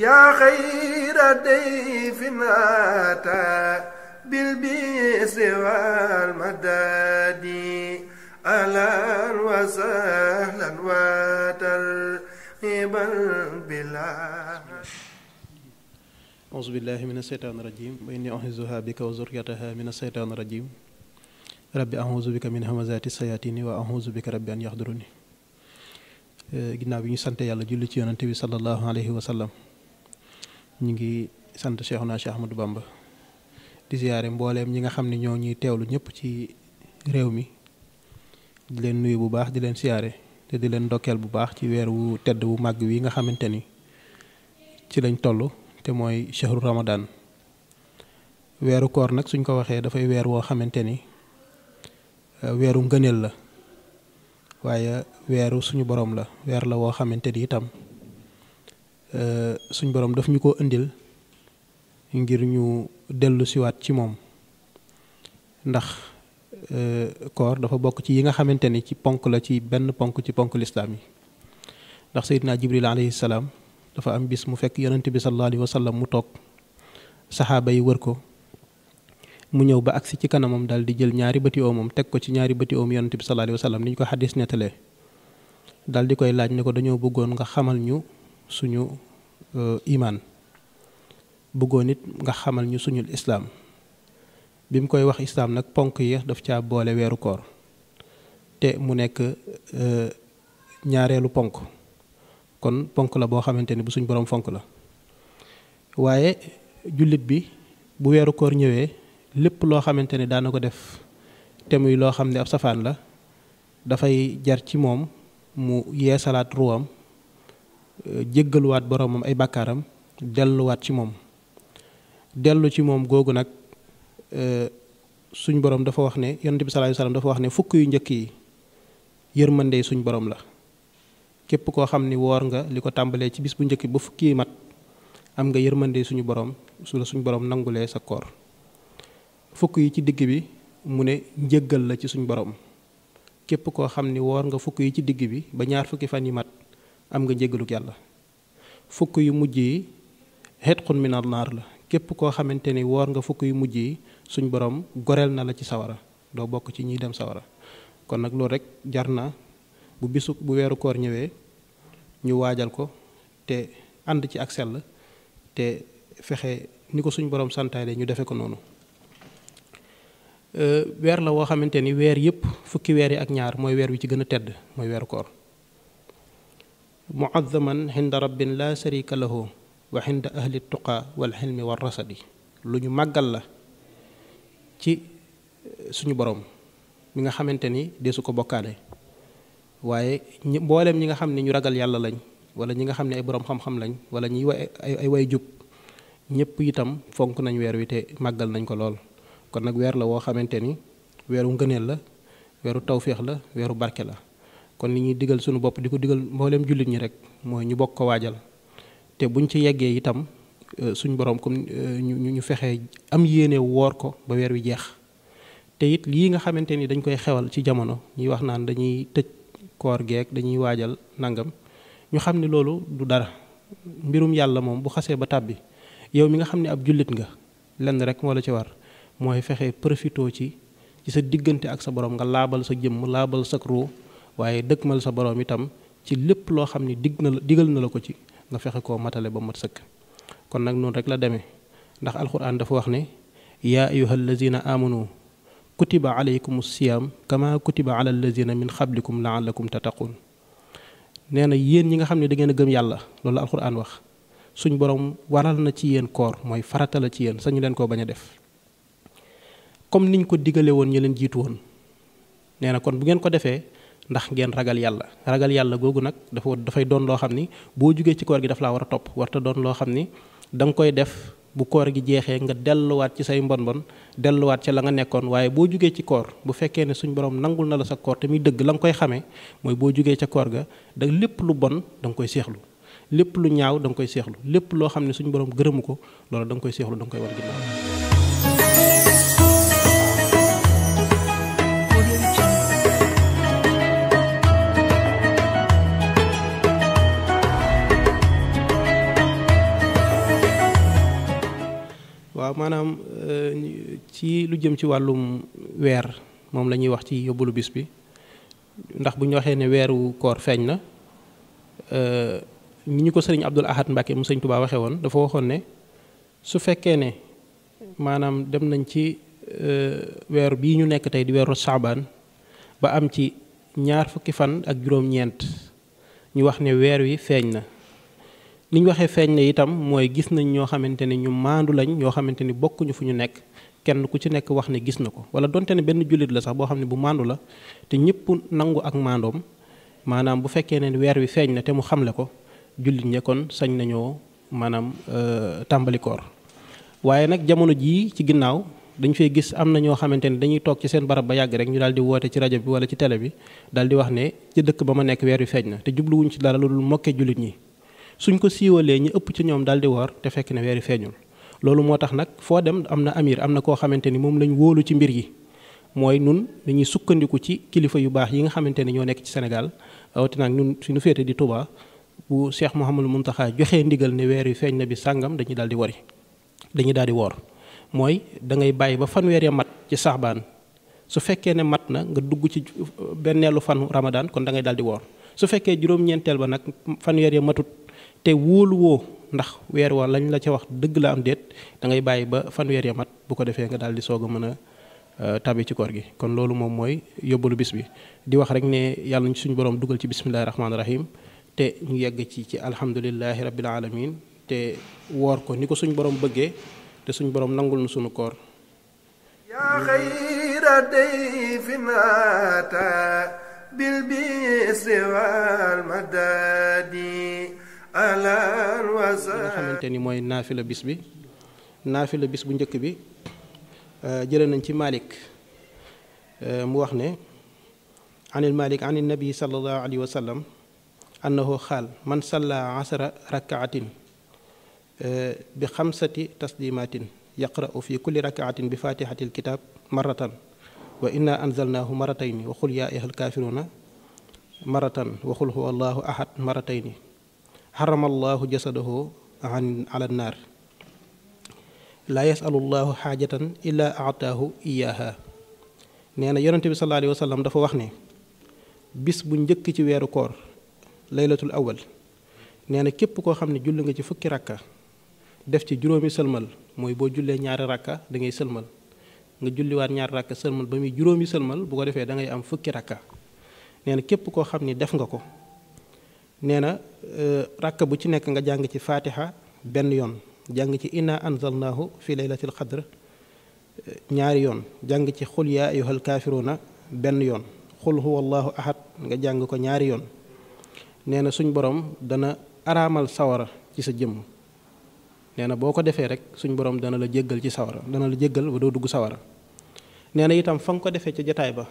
yaa xayra dayfin ataa bil bisri wal madadi ahlan wa sahlan wa tarhiban bilaa auzu billahi min aseytaan rajim wa inni u'iizuha bika wa zurriyataha min aseytaan rajim rabbi auzu bika min hamazati sayatini wa auzu bika rabbi an yaxduruni ginnaaw bi ñu sante yàlla julli ci yonante bi sallallahu alayhi wa sallam ñu ngi sant Cheikhuna Cheikh du Bamba di ziyaare mbooleem ñi nga xam ne ñoo ñuy teewlu ñëpp ci réew mi di leen nuyu bu baax di leen siyaare te di leen ndokkeel bu baax ci weer wu tedd wu màgg wi nga xamante ni ci lañ toll te mooy shahru ramadan weeru koor nag suñ ko waxee dafay weer woo xamante ni euh, weeru ngëneel la waaye weeru suñu borom la weer la woo xamante ni itam Euh, suñ borom daf ñu ko indil ngir ñu dellu siwaat ci moom ndax euh, koor dafa bokk ci yi nga xamante ni ci ponk la ci benn ponk ci ponk lislaam yi ndax Seydina Jibril alayhi salaam dafa am bis mu fekk yonent bi sallallahu alayhi wa mu toog saxaaba yi wër ko mu ñëw ba agsi ci kanamam daal di jël ñaari bëti oomam teg ko ci ñaari bëti oom yonent bi sallallahu alayhi wa sallam ni ñu ko xaddis nettalee daal di koy laaj ne ko dañoo bëggoon nga xamal ñu suñu euh, imaan bëggoon it nga xamal ñu suñul islaam bi mu koy wax islaam nag ponk yi daf caa boole weeru koor te mu nekk euh, ñaareelu ponk kon ponk la boo xamante ni bu suñ boroom fonk la waaye jullit bi bu weeru koor ñëwee lépp loo xamante ni daana ko def te muy loo xam ne ab safaan la dafay jar ci moom mu yeesalaat ruwam jéggaluwaat boroomam ay bàkkaaram delluwaat ci moom dellu ci moom googu nag euh, suñ borom dafa wax ne yonent bi sallallahu alayhi wasallam dafa wax ne fukk yu njëkk yi yërmande suñu borom la képp koo xam ni woor nga li ko tàmbalee ci bis bu njëkk ba fukki mat am nga yërmande suñu borom su suñu borom nangulee sa koor fukk yi ci digg bi mu ne njëggal la ci suñu boroom képp koo xam ni woor nga fukk yi ci digg bi ba ñaar fukki fan yi mat am nga njéggaluk yàlla fukk yu mujj yi xetxun minal naar la képp koo xamante ni woor nga fukk yu mujj yi suñ borom goreel na la ci sawara doo bokk ci ñiy dem sawara kon nag loolu rek jar na bu bisu bu weeru koor ñëwee ñu waajal ko te ànd ci ak sell te fexe ni ko suñ borom santaane ñu defe ko noonu euh, weer la woo xamante ni weer yëpp fukki weer yi ak ñaar mooy weer wi ci gën a tedd mooy weeru koor muazzaman hinda rabbin laa sharika lahu wa hinda ahli tuqaa wal xilmi war rasadi lu ñu màggal la ci eh, suñu boroom mi nga xamante ni desu ko bokkaale waaye ñi mbooleem ñi nga xam ne ñu ragal yàlla lañ wala ñi nga xam ne ay borom xam-xam lañ wala ñiy way ay way jub ñépp itam fonk nañ weer wi te màggal nañ ko lool kon nag weer la woo xamante ni weeru ngëneel la weeru tawféex la weeru barke la kon li ñuy digal sunu bopp di ko digal mbooleem jullit ñi rek mooy ñu bokk ko waajal te buñ ci yeggee itam euh, suñ borom comme euh, ñu ñu fexee am yéene woor ko ba weer wi jeex te it lii nga xamante ni dañ koy xewal ci jamono ñuy wax naan dañuy tëj koor geek dañuy waajal nangam ñu xam ne loolu du dara mbirum yàlla moom bu xasee ba tàbbi yow mi nga xam ne ab jullit nga lenn rek moo la ci war mooy fexe profitoo ci ci sa diggante ak sa borom nga laabal sa jëmm laabal sa ruu waaye dëkkmal sa borom itam ci lépp loo xam ni digg na la digal na la ko ci nga fexe koo matale ba mat sëkk kon nag noonu rek la demee ndax alxuraan dafa wax ne yaa ayuha allazina amanu kutiba alaykum siyaam kama kutiba ala allazina min xablikum laallakum tattaqun nee na yéen ñi nga xam ne da ngeen a gëm yàlla loolu alxuraan wax suñ borom waral na ci yéen koor mooy faratala ci yéen sañu leen koo bañ a def comme niñ ko digale woon ñu leen jiitu woon nee na kon bu ngeen ko defee ndax ngeen ragal yàlla ragal yàlla googu nag dafa dafay doon loo xam ni boo jógee ci koor gi daf laa war a topp warta doon loo xam ni danga koy def bu koor gi jeexee nga delluwaat ci say mbon mbon delluwaat ci la nga nekkoon waaye boo jugee ci koor bu fekkee ne suñ borom nangul na sa koor te dëgg la nga koy xamee mooy boo jugee ca koor ga da lépp lu bon danga koy seexlu lépp lu ñaaw da nga koy seexlu lépp loo xam ne suñu borom gërëmu ko loolu danga koy seexlu da nga koy war ginnaaw ci lu jëm ci wàllum weer moom la ñuy wax ci yóbbalu bis bi ndax bu ñu waxee ne weeru koor feeñ na euh, ni ñu ko sëriñ Abdul Ahad Mbacke mu sëñ Touba waxee woon dafa waxoon ne su fekkee ne maanaam dem nañ ci euh, weer bii ñu nekk tey di weeru saabaan ba am ci ñaar fukki fan ak juróom-ñeent ñu wax ne weer wi feeñ na li ñu waxee feeñ na itam mooy gis nañ ñoo xamante ne ñu màndu lañ ñoo xamante ni bokkuñu fu ñu nekk. kenn ku ci nekk wax ne gis na ko wala donte ne benn jullit la sax boo xam ne bu maandu la te ñëpp nangu ak maandoom maanaam bu fekkee ne weer wi feeñ na te mu xamle ko jullit ñe kon sañ nañoo maanaam euh, tàmbali koor waaye nag jamono jii ci ginnaaw dañ fay gis am na ñoo xamante ne dañuy toog ci seen barab ba yàgg rek ñu daal di woote ci rajo wala ci télé bi daal di ne ci dëkk ba ma nekk weer wi feeñ na te jubluwuñ ci dara lu dul mokkee jullit ñi suñ ko siiwalee ñi ëpp ci ñoom daal di woor te fekk ne weer wi feeñul loolu moo tax nag foo dem am na amir am na koo xamante ni moom lañ wóolu ci mbir yi mooy nun dañuy sukkandiku ci kilifa yu baax yi nga xamante ni ñoo nekk ci Sénégal rawatina ak ñun suñu féete di Touba bu Cheikh Mouhamadou taxa joxee ndigal ne weer yu feeñ na bi sàngam dañuy daal di wari dañuy daal di woor mooy da ngay bàyyi ba fanweer ya mat ci saxbaan su fekkee ne mat na nga dugg ci benneelu fanu Ramadan kon da ngay daal di woor su fekkee juróom-ñeenteel ba nag fan ya matut te wóolu ndax weer wa lañ la ca wax dëgg la am déet da ngay bàyyi ba fanweer ya mat bu ko defee nga daal di soog a mën a euh, tabi ci koor gi kon loolu moom mooy yóbbalu bis bi di wax rek ne yàlla ñu suñu borom dugal ci bismillahi rahmaani rahim te ñu yegg ci ci alhamdulilahi rabbil alamin te woor ko ni ko suñu borom bëggee te suñu borom nangul nu suñu koor yaa xayra dayfin ata bil bisri wal madadi nga xamante mooy naafila bis bi naafila bis bu njëkk bi euh, jële nañ ci Malik euh, mu wax ne anil Malik anil nabi sallallahu alayhi wa sallam xaal man salla asara rakaatin euh, bi xamsati taslimatin yaqra'u fi kulli rakaatin bi fatihati alkitab maratan wa inna anzalnaahu maratayn wa qul yaa ayyuhal kaafiruuna maratan wa qul huwa allahu ahad maratayn xaramallahu jasadahu an ala naar laa yasalullahu xaajatan illa ataahu iyaha nee na yonente bi sallallahu alayhi dafa wax ne bis bu njëkk ci weeru koor laylatul awal nee na képp koo xam ne julli nga ci fukki rakka def ci juróomi sëlmal mooy boo jullee ñaari rakka dangay ngay sëlmal nga julliwaat ñaari rakka sëlmal ba muy juróomi sëlmal bu ko defee dangay am fukki rakka nee képp koo xam ni def nga ko nee Euh, rakk bu ci nekk nga jàng ci fatiha benn yoon jàng ci inna anzalnaahu fi laylatil qadr euh, ñaari yoon jàng ci xul yaa ayyuhal benn yoon xul huwa allahu ahad nga jàng ko ñaari yoon nee na suñ boroom dana araamal sawara ci sa jëmm nee na boo ko defee rek suñ borom dana la jéggal ci sawara dana la jéggal ba doo dugg sawara nee itam fa nga ko defee ca jotaay ba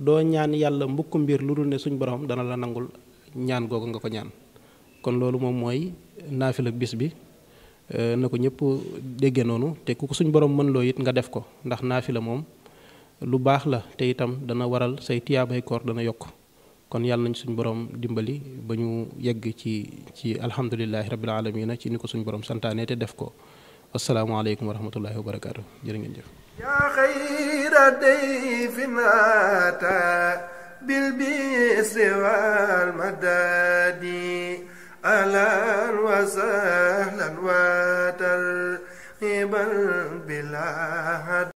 doo ñaan yàlla mbukk mbir lu dul ne suñ borom dana la nangul ñaan googu nga ko ñaan kon loolu moom mooy naafi la bis bi euh, na ko ñëpp déggee noonu te ku ko suñ borom mën loo it nga def ko ndax la moom lu baax la te itam dana waral say tiyaabay koor dana yokk kon yàlla nañ suñ borom dimbali ba ñu yegg ci ci alhamdulilahi rabbil alamina ci ni ko suñ borom santaane te def ko asalaamaaleykum wa rahmatullahi wa barakaatu jërë ngeen jëf yaa xayra day finaata bil bisri wal أهلا وسهلا وترحبا بلا